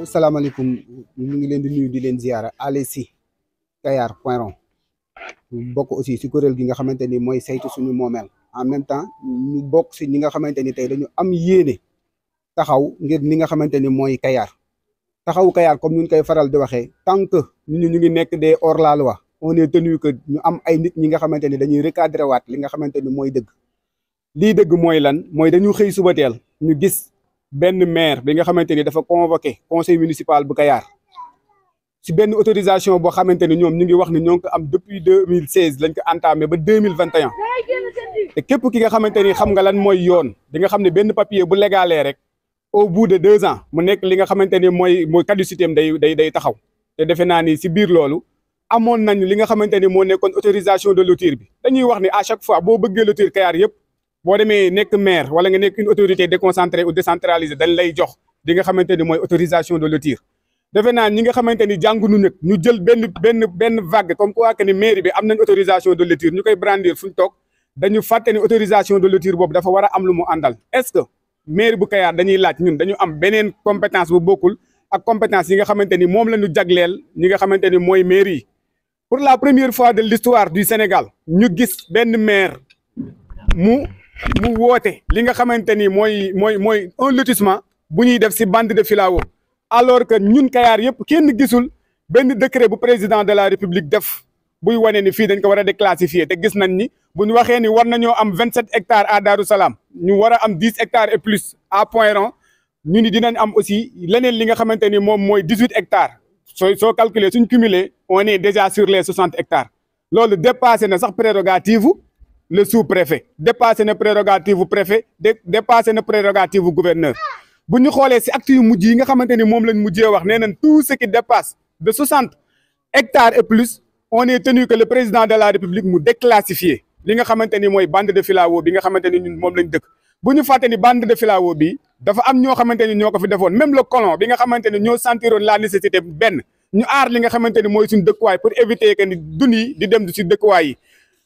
waaw salaamaaleykum ñu ngi leen di nuyu di leen ziyaara ale si Kayar Point Rond bokk aussi si kuréel gi nga xamante ni mooy saytu suñu moomeel en même temps ñu bokk si ñi nga xamante ni tey dañu am yéene taxaw ngir ni nga xamante ni mooy Kayar taxaw Kayar comme ñun koy faral di waxee tant que ñu ngi nekk des hors la loi on est tenu ñu am ay nit ñi nga xamante ni dañuy recadré waat li nga xamante ni mooy dëgg lii dëgg mooy lan mooy dañu xëy suba teel ñu gis ben maire bi nga xamanteni dafa convoquer conseil municipal bu Kayar ci autorisation ngi wax ni depuis 2016, ko ba et ki nga xamanteni xam nga lan yoon di nga papier bu au bout de deux ans mu nek li nga xamanteni moy moy caducité day day taxaw te na ni ci biir lolu amon nañ li nga autorisation de lotir bi dañuy wax ni à chaque fois Kayar boo demee nekk maire wala nga nekk une autorité déconcentrée ou décentralisée dañ lay jox di nga xamante ni autorisation de lotir defe naa ñi nga xamante ni jànguñu nag ñu jël ben ben ben vague comme quoi que ni mairie bi am nañ autorisation de lotir ñu brandir fu ñu toog dañu fàtte ni autorisation de lotir boobu dafa war a am lu mu àndal est-ce que mairie bu Kayar dañuy laaj ñun dañu am beneen compétence bu bokkul ak compétence yi nga xamante ni moom la ñu jagleel ñi nga xamante ni mairie pour la première fois de l'histoire du Sénégal ñu gis ben maire mu mu woote li nga xamanteni moy moy moy un lotissement bu ñuy def ci bande de filao alors que ñun Kayar yëpp kenn gisul benn décret bu président de la république def buy wone ni fii dañ ko war a déclassifier te gis nañ ni bu ñu waxee ni war nañu am 27 hectares à Darussalam. Nous ñu war am 10 hectares et plus à Point-Rond ñu ni dinañ am aussi leneen li nga xamante ni moom mooy hectares soo soo calculer suñ cumulé on est déjà sur les 60 hectares loolu dépassé na sax prérogative le sous-préfet dépasser nos prérogatives au préfet dépasser nos prérogatives au gouverneur Si nous xoolee si actes yu mujj yi nga xamante nous lañ tout ce qui dépasse de 60 hectares et plus on est tenu que le président de la république mu déclassifier li nga xamante c'est la bande de filao bi nga xamante ni ñun moom lañ dëkk bu ni bande de filao bi dafa am ñoo xamante ni ñoo ko fi même le colon bi nga nous ni ñoo la nécessité nous ñu aar li nga xamante ni mooy suñu pour éviter que nous dun yi di dem si de yi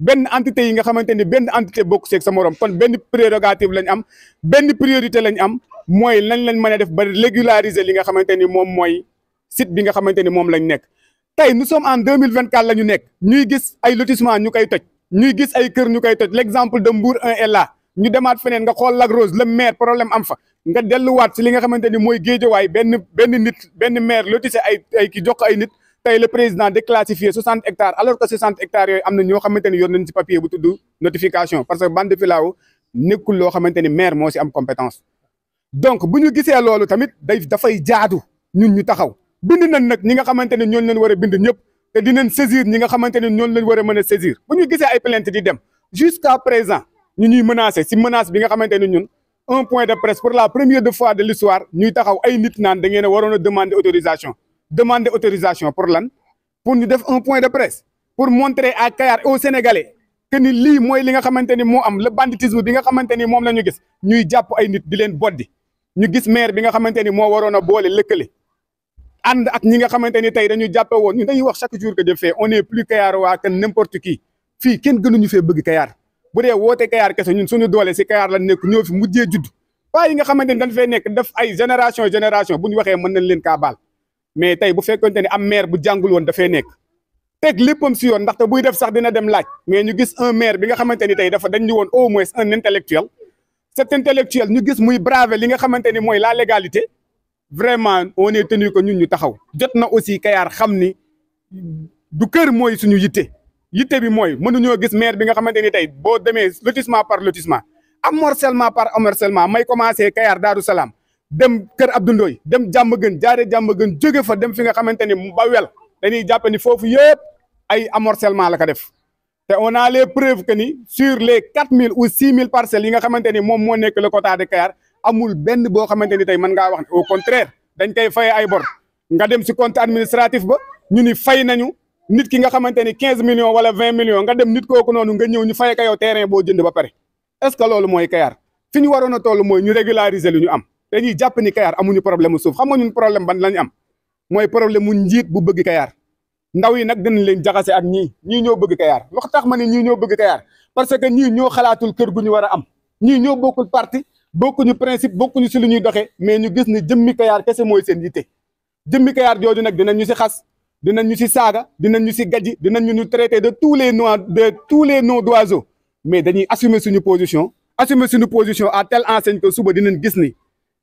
Ben entité yi nga xamanteni Ben benn entité bokk seeg sa morom kon ben prérogative lañ am ben priorité lañ am moy lañ lañ mën def ba régulariser li nga xamanteni mom moy site bi nga xamanteni mom lañ nek tay nous sommes en 2024 lañu nek. ñuy gis ay lotissement ñukay toj ñuy gis ay kër ñukay toj l'exemple de Mbour 1 est là ñu demaat fenen nga xol Lac Rose le maire problème am fa. nga wat ci li nga xamanteni moy mooy ben ben ben nit ben maire lotissé ay ay ki jox ay nit tey le président déclassifier 60 hectares alors que 60 hectares yooyu amna na xamanteni xamante ni yor nañ ci papier bu tudd notification parce que bande filao nekul lo xamanteni maire mo ci am compétence donc bu ñu gisee loolu tamit day fay jaadu ñun ñu taxaw bind nañ nak ñi nga xamanteni ne ñooñu leen war a bind ñëpp te dinañ saisir ñi nga xamanteni ne ñooñu leen war saisir bu ñu gisee ay plainte di dem jusqu'à présent ñu ñuy menacer ci menace bi nga xamanteni ñun un point de presse pour la première fois de l'histoire ñuy taxaw ay nit nan da ngay warona demander autorisation demander autorisation pour lan pour nous un point de presse pour montrer à Kayar aux Sénégalais que nous li moy li nga xamanteni nous am le banditisme bi nga xamanteni nous lañu nous ñuy japp ay nit di len boddi ñu gis maire bi nga xamanteni mo warona a boole ak ñi nga xamanteni tay dañu jappé woon ñu dañuy wax chaque jour que de fait, on est plus que n'importe qui est-ce nous nous bëgg Kayar bu nous Kayar que ñun suñu doole ci Kayar la nekk ñoo fi mujjé judd nga xamanteni dañ fay nekk def ay génération génération bu ñu waxé mën nañ leen mais tay bu fekkonte ne am maire bu jangul won da dafay nek teg leppam si yoon ndaxte buy def sax dina dem laaj mais ñu gis un maire bi nga xamante ni tey dafa dañ ñu won au moins un intellectuel cet intellectuel ñu gis muy braver li nga xamante ni mooy la légalité vraiment on est tenu que ñun ñu taxaw jot na aussi Kayar xamni du cœur moy suñu yitte yitte bi moy mënu mënuñoo gis maire bi nga xamante ni tey boo demee lotissement par lotissement amorcellement par amorcellement may commencé Kayar Daaru salam dem kër Abdou dem jàmm gën jaare jàmm gën jóge fa dem fi nga xamante ni ba wel dañuy jàpp ni foofu yëpp ay amorcellement la ko def te on a les preuves que ni sur les quatre mille ou six mille parcelles yi nga xamante ni moom moo nekk le quota de Kayar amul benn boo xamante ni tey mën ngaa wax au contraire dañ koy fay ay bor nga dem si compte administratif ba ñu ni fay nañu nit ki nga xamante ni quinze millions wala vingt millions nga dem nit kooku noonu nga ñëw ñu fay ko yow terrain boo jënd ba mooy Kayar fi ñu waroon a toll mooy ñu régulariser lu ñu am. dañuy jàpp ni Kayar amuñu problème mu suuf xam nga ñun problème ban lañ am moy problème mu njit bu bëgg Kayar ndaw yi nag dinañ leen jaxase ak ñi ñi ñoo bëgg Kayar wax tax ma ne ñii ñoo bëgg Kayar parce que ñi ñoo xalaatul kër guñu wara am ñi ñoo bokul parti bokkuñu principe bokkuñu ci li ñuy doxé mais ñu gis ni jëmmi Kayar kessé moy seen yité jëmmi Kayar jooju nak dinañ ñu ci xass dinañ ñu ci saga dinañ ñu ci gajji dinañ ñu ñu traité de tous les noms de tous les noms d'oiseaux mais dañuy assumer suñu position assumer suñu position à telle enseigne que suba dinañ gis ni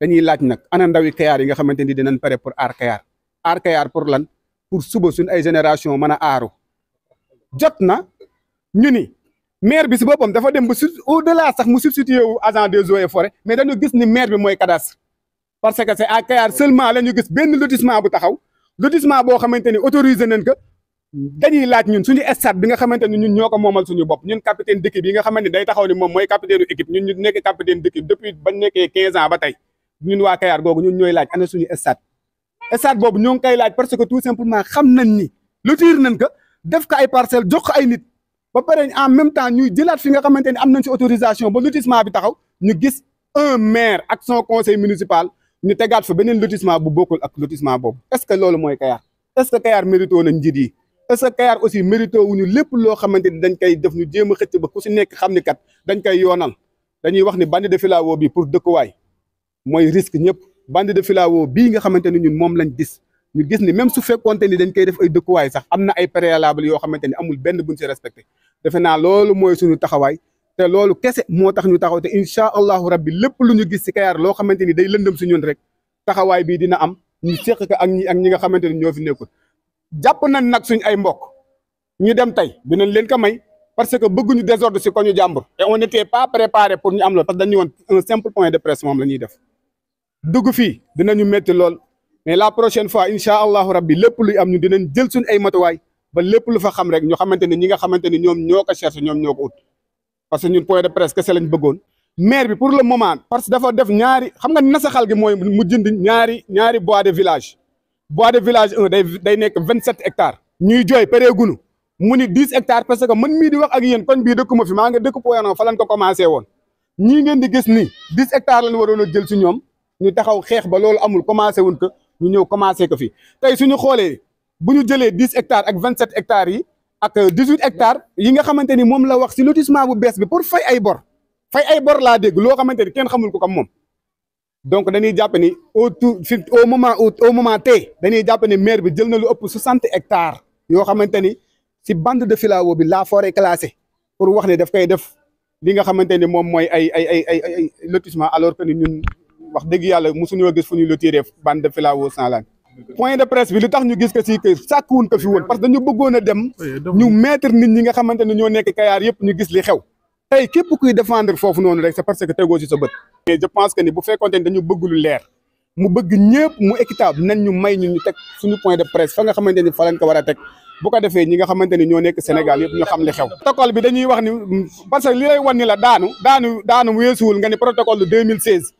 dañuy laaj nag ana ndawi Kayar yi nga xamante ni dinañ pare pour aar Kayar aar Kayar pour lan pour suba suñ ay génération mën a aaru jot na ñu ni maire bi si boppam dafa dem ba au agent des eaux et forêts mais dañu gis ni maire bi mooy cadastre parce que c'est à Kayar seulement la ñu gis benn lotissement bu taxaw lotissement boo xamante ni autorisé nañ ko dañuy laaj ñun suñu stade bi nga xamante ni ñun ñoo ko moomal suñu bopp ñun capitaine d'équipe yi nga xamante day taxaw ba tey. ñun wa Kayar googu ñun ñoy laaj ana suñu stade stade bobu ñoo ngi koy laaj parce que tout simplement xam nañ ni lotir nañ ko def ko ay parcelle jox ko ay nit ba pare en même temps ñuy jëlat fi nga xamanteni ni am nañ si autorisation ba lotissement bi taxaw ñu gis un maire ak son conseil municipal ñu tégaat fa benen lotissement bu bokul ak lotissement boobu est-ce que lolu moy Kayar est-ce que Kayar mérito nañ njiit yi est-ce que Kayar aussi mérito wuñu lepp lo xamanteni dañ kay def ñu jëm xëc ba ku ci nekk xamni kat dañ kay yonal dañuy wax ni bande de filawo bi pour dëkkuwaay moy risque ñep bande de filao bi nga xamanteni ñun mom lañ gis ñu gis ni même su fekkonté ni dañ koy def ay dëkkuwaay sax amna ay préalable yo xamanteni amul benn buñ si respecté defe naa loolu moy suñu taxaway té loolu kessé moo tax ñu taxaw té incha allahu rabbi lépp lu ñu gis ci Kayar lo xamanteni day lëndëm si ñun rek taxaway bi dina am ñu seq ak ñi ak ñi nga xamanteni ni ñoo fi nekkul nañ nak suñ ay mbokk ñu dem tay dinañ leen ka may parce que bëgguñu désordre ci koñu ñu et on n'était pas préparé pour ñu am loolu parce que dañu won un simple point de presse moom lañuy def dugg fii dinañu métti lool mais la prochaine fois incha allahu rabbi lépp luy am ñu dinañ jël suñ ay matuwaay ba lépp lu fa xam rek ñu xamante ne ñi nga xamante ne ñoom ñoo ko cherché ñoom ñoo ko ut parce que ñun point de presse kese bëggoon maire bi pour le moment parce que dafa def ñaari xam nga nasaxal gi mooy mu jënd ñaari ñaari bois de village bois de village un day nekk vingt sept hectares ñuy jooy pareegunu mu ni dix hectares parce que man mii di wax ak yéen koñ bii dëkkuma fi maa nga dëkk Poyano fa woon ñii ngeen di gis ni dix hectares lañ waroon a jël si ñoom ñu taxaw xex ba loolu amul commencé wuñ ko ñu ñëw commencé ko fi tay suñu xolé bu ñu jëlee dix hectares ak 27 hectares yi ak 18 hectares yi nga xamanteni mom la wax ci lotissement bu bes bi pour fay ay bor fay ay bor la dégg lo xamanteni ni kenn xamul ko comme mom donc dañuy jàpp ni au moment au moment té dañuy jàpp ni maire bi jël na lu upp 60 hectares yo xamanteni ci bande de filawo bi la forêt classée pour wax ni daf koy def li nga xamanteni mom moy ay ay ay ay lotissement alors que ni ñun wax dëgg yàlla mosuñoo gis fu ñuy lotiré bande de filao sans langue point de presse bi li tax ñu gis ko si que sàkkuwun ko fi woon parce que dañu ñi nga xamante ne ñoo nekk Kayaar yëpp ñu gis li xew tey képp kuy défendre foofu noonu rek c'est que tegoo si sa bët mais je pense que ni bu fekkoonte ni dañu bëgg lu leer mu bëgg ñëpp mu équitable nañ ñu may ñun ñu teg suñu point de presse fa nga xamante ni fa war a teg bu ko defee ñi nga xamante ni ñoo nekk Sénégal yëpp ñu xam li xew protocole bi dañuy wax ni parce que li lay wan ni la daanu daanu daanu weesuwul nga ni protocole de 2016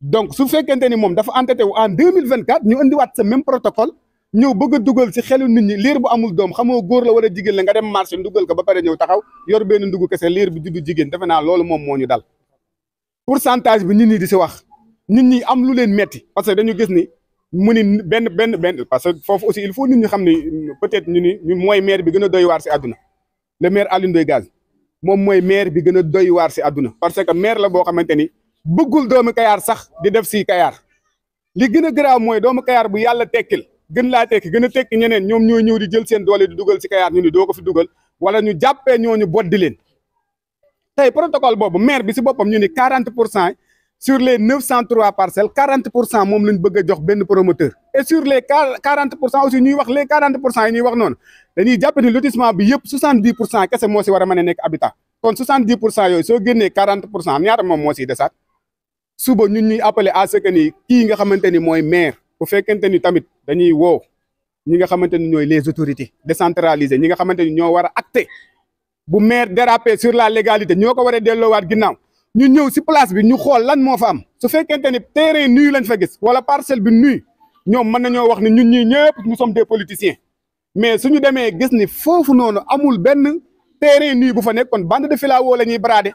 donc si vous avez un dafa en 2024, nous allons quatre même protocole Nous bëgg a ci xelu nit ñi liir bu amul doom xamoo góor la wala nous nga dem marché ndugal ba taxaw yor bu nous, avons ñu dal pourcentage bi nit ñi di wax nit ñi am lu leen parce que nous gis ni ni parce que aussi il faut nit ñi peut-être ñu ni maire Nous avons doy le maire Gaz maire bi doy parce que maire la bëggul doomi kayar sax di def ci kayar li gëna graw moy doomi kayar bu yalla tekkil gën la tekk gëna tekk ñeneen ñom ñoy ñew di jël seen doole di duggal si kayar ñu ni doo ko fi duggal wala ñu jappé ñoñu boddi leen tay protocole bobu maire bi ci bopam ñu ni 40 sur les 903 parcelles 40 mom cent lañ bëgg jox benn promoteur et sur les 40 aussi ñuy wax les 40 ñuy wax non dañuy jappé ni lotissement bi yépp 70 kessé mo ci wara si nek habitat kon 70 yoy so génné 40 ñaar mom mo ci dessat suba ñun ñuy appelé à ce que ni kii nga xamante ni mooy maire bu fekkente ni tamit dañuy woow ñi nga xamante ni ñooy les autorités décentralisées ñi nga xamante ni ñoo war a acté bu maire dérapé sur la légalité ñoo ko war a delloowaat ginnaaw ñu ñëw si place bi ñu xool lan moo fa am su fekkente ni terrain nuyu lañ fa gis wala parcelle bi nuyu ñoom mën nañoo wax ni ñun ñii ñëpp nous sommes des politiciens mais suñu demee gis ni foofu noonu amul benn terrain nuyu bu fa nekk kon bande de filao la ñuy brader